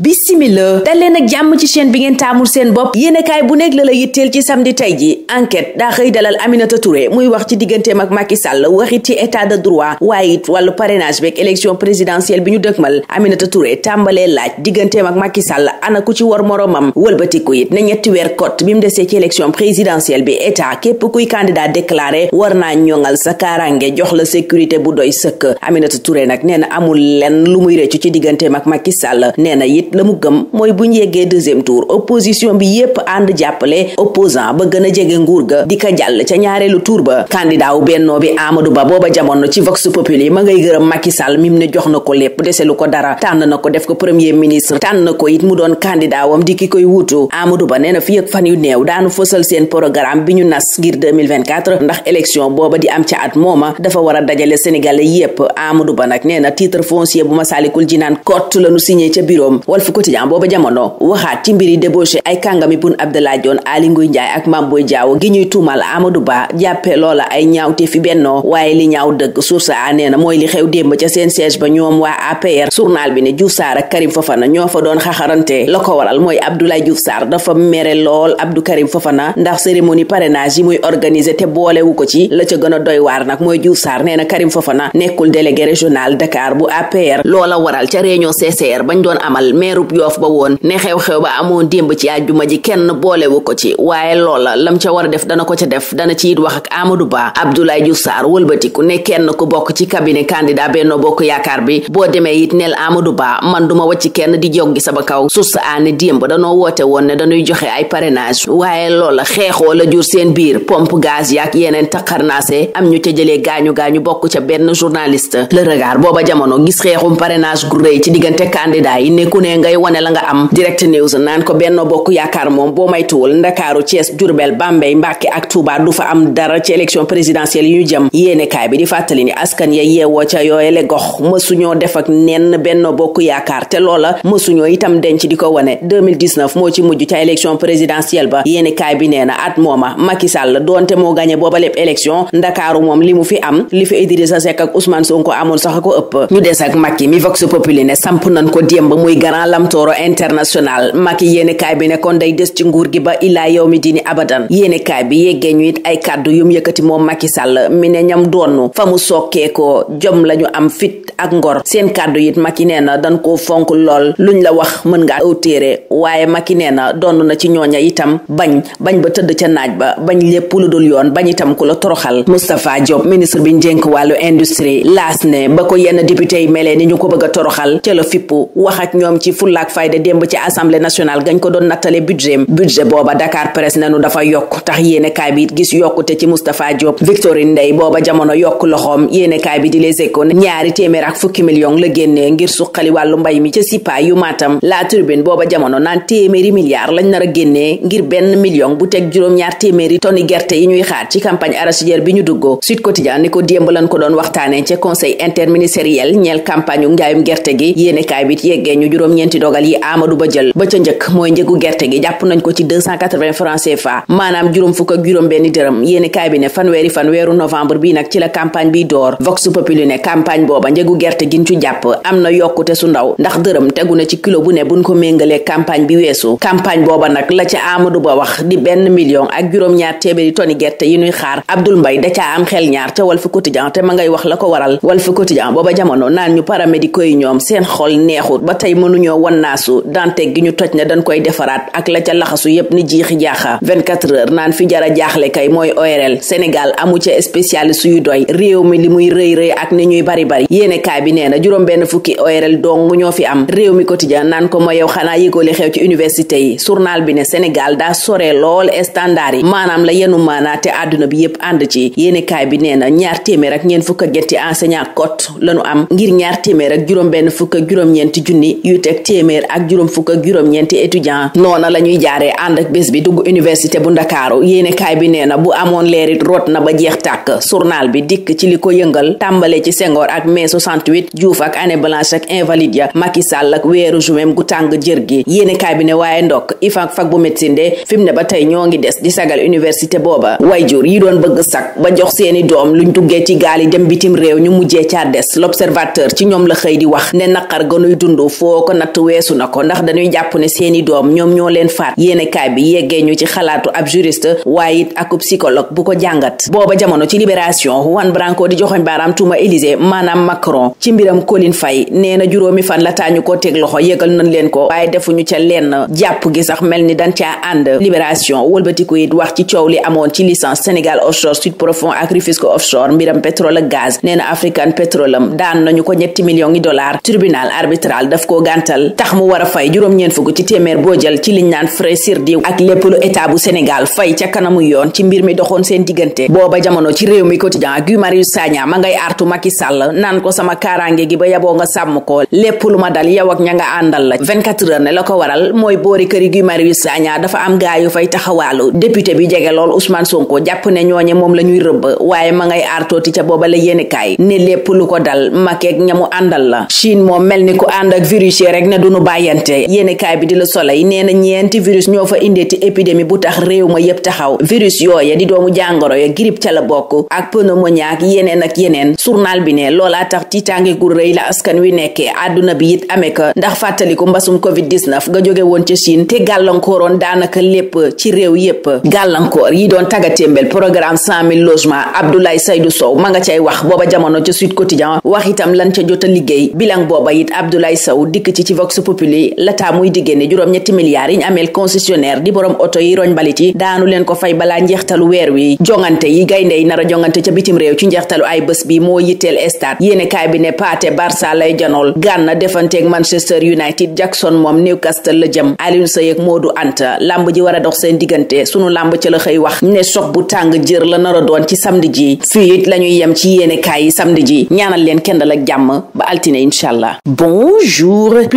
bisimila daleen ak jàmm ci chaîne bi ngeen taamul seen bopp yéenekaay bu nekk la la yitteel ci samedi tey ji enquête daa xëy dalal Aminata Touré muy wax ci digganteem ak Macky Sall waxit ci état de droit waaye it wàllu parrainage beeg élection présidentielle bi ñu dëkmal Aminata Touré tàmbalee laaj digganteem ak Macky Sall ana ku ci war moromam wëlbatiku it na ñetti weer kott bi mu desee ci élection présidentielle bi état képp kuy candidat déclaré war naa ñoŋal sa kaaraange jox la sécurité bu doy sëkk Aminata Touré nag nee na amul lenn lu muy rëccu ci digganteem ak Macky Sall nee na it la mu gëm mooy bu ñu yeggee deuxième tour opposition bi yépp ànd jàppale opposant ba gën a jege nguur ga di ko jàll ca ñaareelu tour ba candidat wu bennoo bi Amadou Ba booba jamono ci vox populi ma ngay gërëm Macky Sall mim ne jox na ko lépp deselu ko dara tànn na ko def ko premier ministre tànn na ko it mu doon candidat wam di ki koy wutu Amadou Ba nee na fi ak fan yu neew daanu fësal seen programme bi ñu nas ngir 2024 ndax élection booba di am ca at mooma dafa war a dajale sénégalais yépp Amadou Ba nag nee na titre Walf Quotidien booba jamono waxaat ci mbiri débauché ay kàngami Boun Abdallah Dionne Aly Ngouille Ndiaye ak Mame Boye Diao gi ñuy tuumal Amadou Ba jàppee loola ay ñaawte fi bennoo waaye li ñaaw dëgg source a nee na mooy li xew démb ca seen siège ba ñoom waa APR journal bi ne Diouf Sarr ak Karim Fofana ñoo fa doon xaxarante la ko waral mooy Abdoulaye Diouf Sarr dafa mere lool Abdou Karim Fofana ndax cérémonie parrainage yi muy organiser te boolewu ko ci la ca gën a doy waar nag mooy Diouf Sarr nee na Karim Fofana nekkul délégué régional Dakar bu APR loola waral ca réunion CCR bañ doon amal meerub yoof ba woon ne xew-xew ba amoon démb ci àjjuma ji kenn boolewu ko ci waaye loola lam ca war a def dana ko ca def dana ci it wax ak Amadou Ba Abdoulaye Diouf Sarr wëlbatiku ne kenn ku bokk ci cabinet candidat benn Bokk Yaakaar bi boo demee it neel Amadou Ba man duma wacc kenn di joggi sama kaw sus aane démb danoo woote woon ne dañuy joxe ay parrainage waaye loola xeexoo la jur seen biir pompe gaz yaak yeneen taxarnaase am ñu ca jëlee gaañu-gaañu bokk ca benn journalist le regard booba jamono gis xeexum parrainage gu rëy ci diggante candidat yi ne ne ne ngay wone la nga am direct news naan ko benno bokk yaakaar moom boo maytuwul ndakaaru Thiès Diourbel Bambey Mbàkke ak Touba du fa am dara ci élection présidentielle yu ñu jëm yéenekaay bi di fàttali ni askan ya yeewoo ca yooyele gox mësuñoo def ak nenn benno bokk yaakaar te loola mësuñoo itam denc di ko wone 2019 moo ci mujj ca élection présidentielle ba yéenekaay bi nee na at mooma Macky Sall doonte moo gagné booba lépp élection ndakaaru moom li fi li fi Idrissa Seck ak Ousmane Sonko amoon sax ko président Lamtoro international Macky yéene kaay bi ne kon day des ci nguur gi ba ilaa yow mi dini abadan yéene kaay bi yeggee ñu it ay kàddu yum yëkkati moom Macky Sall mi ne ñam doonnu fa mu sokkeekoo jom lañu am fit ak ngor seen kàddu it Macky nee na dañ koo fonk lool luñ la wax mën nga aw téere waaye Macky nee na doon na ci ñooña itam bañ bañ ba tëdd ca naaj ba bañ lépp lu dul yoon bañ itam ku la toroxal Moustapha Diop ministre bi njënk wàllu industrie laas ba ko yenn député yi melee ni ñu ko bëgg a ci fullaak fayda démb ci assemblée nationale gañ ko doon nattale budget budget booba Dakar Press nanu dafa yokk tax yéene kaay bi gis yokkute ci Moustapha Diop Victorine Ndey booba jamono yokk loxoom yéene kaay bi di Les Échos ne ñaari téeméer ak fukki million la génnee ngir suqali wàllu mbay mi ca Sipa yu Matam La Tribune booba jamono naan téeméeri milliards lañ nar a génnee ngir benn million bu teg juróom-ñaar téeméeri tonni gerte yi ñuy xaar ci campagne bi ñu duggoo Sud Quotidien ni ko démb lañ ko doon waxtaane ca conseil interministériel ñeel campagne u njaayum gi ñeenti dogal yi Amadou Ba jël ba ca njëkk mooy njëgu gerte gi jàpp nañ ko ci 280 francs CFA maanaam juróom fukk ak juróom benn dërëm yéeni kaay bi ne fanweeri fan novembre bi nag ci la campagne bi door Vox ne bu ne buñ ko méngalee campagne bi weesu campagne booba nag la ca Amadou Ba wax di benn million ak juróom-ñaar téeméeri toni gerte yi ñuy xaar Abdoul Mbaye da caa am xel ñaar ca Walf Quotidien te ma ngay wax la ko waral Walf Quotidien booba jamono ñoo wannaasu dante gi ñu toj na dañ koy defaraat ak la ca laxasu yépp ni jiixi jaaxa 24 heures naan fi jara jaaxle kay mooy ORL Sénégal amu ca spécialiste yu doy réew mi li muy rëy rëy ak ni ñuy bari bari yéene kaay bi nee na juróom benn fukki ORL dong ñoo fi am réew mi quotidien naan ko mooy yow xanaa yëgoo li xew ci université yi journal bi ne Sénégal daa sore lool standard yi maanaam la yenu maanaa te àdduna bi yépp ànd ci yéene kaay bi nee na ñaar téeméer ak fukk ak ñetti enseignant cote lañu am ngir juróom-ñeenti junni yu te ak téeméer ak juróom fukk ak juróom-ñeenti étudiant noona la ñuy jaaree ànd ak bés bi dugg université bu ndakaaru yéenekaay bi nee na bu amoon leerit rot na ba jeex tàkk journal bi dikk ci li ko yëngal tàmbalee ci sengoor ak mai 68 Diouf ak année blanche ak invalide ya Macky Sall ak weeru jumeem gu tàng jër gi yéenekaay bi ne waaye ndokk ifak fak bu médecine de fi mu ne ba tey ñoo ngi des di sagal université booba way wayjur yi doon bëgg sak ba jox seeni doom luñ duggee ci gaal yi dem bitim réew ñu mujjee caa des l'observateur ci ñoom la xëy natt weesu na ko ndax dañuy jàpp ne seeni doom ñoom ñoo leen faat yéenekaay bi yeggee ñu ci xalaatu ab juriste waaye it ak psychologue bu ko jàngat booba jamono ci libération Juan Branco di joxoñ baaraam tuuma Élysée maanaam Macron ci mbiram Colin Faye nee na juróomi fan la ñu ko teg loxo yëgal nañ leen ko waaye ñu ca lenn jàpp gi sax mel ni dañ caa ànd libération wëlbatiku it wax ci coow li amoon ci licence Sénégal offshore Sud Profond ak Rufisque offshore mbiram pétrole ak gaz nee na African Petroleum daan nañu ko gàttal tax mu war a fay juróom-ñeen fukk ci téeméer boo ci liñ naan frais sirdi ak lépp lu état bu Sénégal fay ca kanamu yoon ci mbir mi doxoon seen diggante booba jamono ci réew mi ko sama la 24 heures ne la ko waral mooy boori këri Guy Marius Sagna dafa am gaayu fay taxawaalu député bi jege lool Ousmane Sonko jàpp ne ñooñe moom la rëbb waaye ma ngay artooti ca booba la yéenekaay ne lépp lu ko dal Macky ak ñamu àndal la Chine moom mel ni ku ànd ak virus rek rek ne duñu bàyyante yéene kaay bi di la Soleil nee na ñeenti virus ñoo fa indeeti épidémie bu tax réew ma yépp taxaw virus yooya di doomu jàngoro ya grippe ca la bokk ak pneumonie ak yeneen ak yeneen journal bi ne loolaa tax tiitaange gu rëy la askan wi nekkee àdduna bi it amee ko ndax fàttaliku mbasum covid 19 nga jóge woon ca Chine te gàllankooroon daanaka lépp ci réew yépp gàllankoor yi doon tagatémbel programme 100 000 logements Abdoulaye Seydou Sow ma nga cay wax booba jamono ca Sud Quotidien wax itam lan ca liggéey bilan ci vox populi lataa muy diggéene juróom-ñetti milliards yi ñu ameel concessionnaire di borom oto yi roñ mbalit daanu leen ko fay balaa njeextalu weer wi jongante yi gaynde yi nar a jongante ca bitim réew ci njeextalu ay bés bi moo yitteel stade yéene kaay bi ne paate barça lay janool gànna defanteeg manchester united jackson moom newcastle la jëm Aliou Seye ak Modou Anta lamb ji war dox seen diggante sunu làmb ca la xëy wax ne choc bu tàng jër la nar a doon ci samedi ji fii it la ñuy yem ci yéene kaay yi samedi ji ñaanal leen kendal ak jàmm ba altine incha allah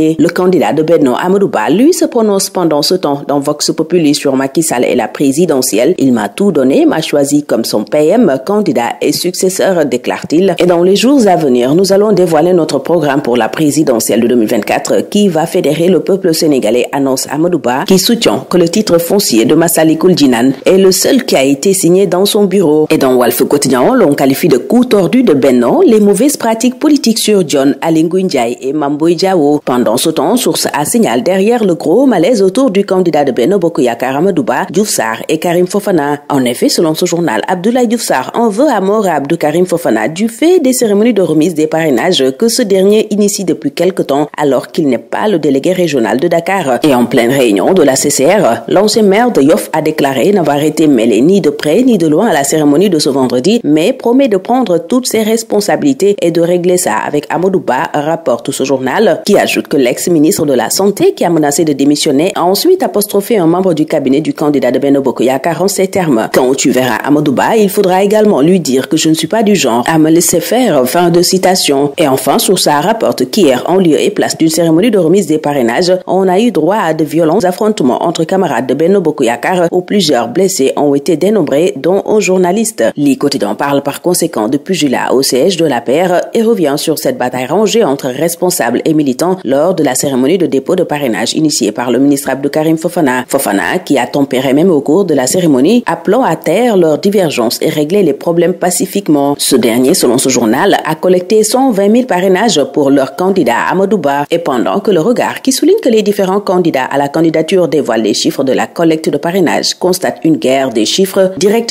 passé. Le candidat de Benno Amadouba, lui, se prononce pendant ce temps dans Vox Populi sur Macky et la présidentielle. Il m'a tout donné, m'a choisi comme son PM, candidat et successeur, déclare-t-il. Et dans les jours à venir, nous allons dévoiler notre programme pour la présidentielle de qui va fédérer le peuple sénégalais, annonce Amadouba, qui soutient que le titre foncier de Massalikul Jinan est le seul qui a été signé dans son bureau. Et dans Walf Pendant ce temps, Source A signale derrière le gros malaise autour du candidat de Beno Bokuyakar Amadouba, Djoufsar et Karim Fofana. En effet, selon ce journal, Abdoulaye Djoufsar en veut à mort à Abdou Karim du fait des cérémonies de remise des parrainages que ce dernier initie depuis quelque temps alors qu'il n'est pas le délégué régional de Dakar. Et en pleine réunion de la CCR, l'ancien maire de Yoff a déclaré n'avoir été mêlé ni de près ni de loin que l'ex-ministre de la Santé, qui a menacé de démissionner, a ensuite apostrophé un membre du cabinet du candidat de Benno Bokoyakar en ces termes. Quand tu verras Amadouba, il faudra également lui dire que je ne suis pas du genre à me laisser faire. Fin de citation. Et enfin, Sousa rapporte qu'hier, en lieu et place d'une cérémonie de remise des parrainages, on a eu droit à de violents affrontements entre camarades de Benno Bokoyakar où plusieurs blessés ont lors de la cérémonie de dépôt de parrainage initiée par le ministre Abdou Karim Fofana. Fofana, qui a tempéré même au cours de la cérémonie, appelant à terre leurs divergences et régler les problèmes pacifiquement. Ce dernier, selon ce journal, a collecté parrainages pour leur candidat Amadouba. Et pendant que le regard, qui souligne que les différents candidats à la candidature dévoilent les chiffres de la collecte de parrainage, constate une guerre des chiffres, Direct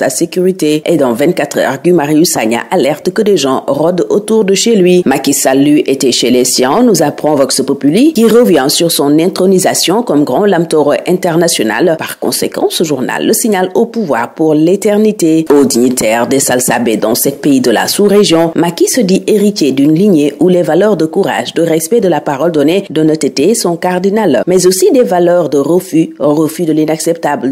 sa Et dans 24 heures, Gumarius Sagna alerte que des gens rôdent autour de chez lui. Macky Sall lui était chez les siens, nous apprend Vox Populi, qui revient sur son intronisation comme grand lame international. Par conséquent, ce journal le signale au pouvoir pour l'éternité. Aux dignitaires des Salsabé dans sept pays de la sous-région, Macky se dit héritier d'une lignée où les valeurs de courage, de respect de la parole donnée, d'honnêteté sont cardinales, mais aussi de refus, refus de l'inacceptable,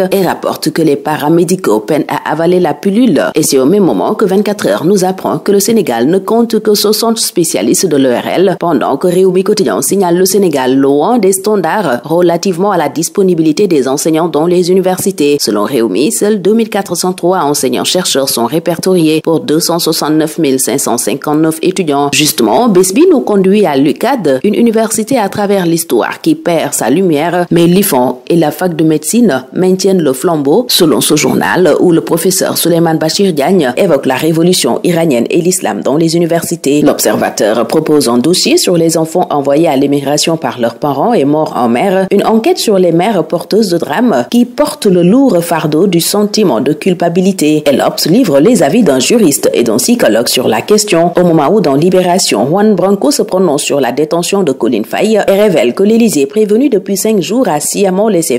Afrique et rapporte que les paramédicaux peinent à avaler la pilule. Et c'est au même moment que 24 heures nous apprend que le Sénégal ne compte que 60 spécialistes de l'ERL, pendant que Réumi Quotidien signale le Sénégal loin des standards relativement à la disponibilité des enseignants chercheurs sont répertoriés pour étudiants. Justement, Besbi nous conduit à l'UCAD, une université à travers l'histoire qui perd sa lumière, mais l'IFON tiennent le flambeau, selon ce journal où le professeur Souleymane Bachir Diagne évoque la révolution iranienne et l'islam dans les universités. L'observateur propose un dossier sur les enfants envoyés à l'émigration par leurs parents et morts en mer, une enquête sur les mères porteuses de drames qui portent le lourd fardeau du sentiment de culpabilité. Et livre les avis d'un juriste et d'un psychologue sur la question au moment où dans Libération, Juan Branco a sciemment laissé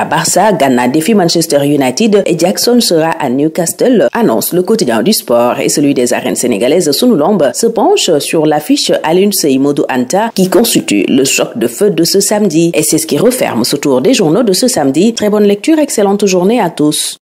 à Barça, Ghana défie Manchester United et Jackson sera à Newcastle, annonce le quotidien du sport et celui des arènes sénégalaises Sunulombe se penche sur l'affiche Alun Seimodo Anta qui constitue le choc de feu de ce samedi. Et c'est ce qui referme ce tour des journaux de ce samedi. Très bonne lecture, excellente journée à tous.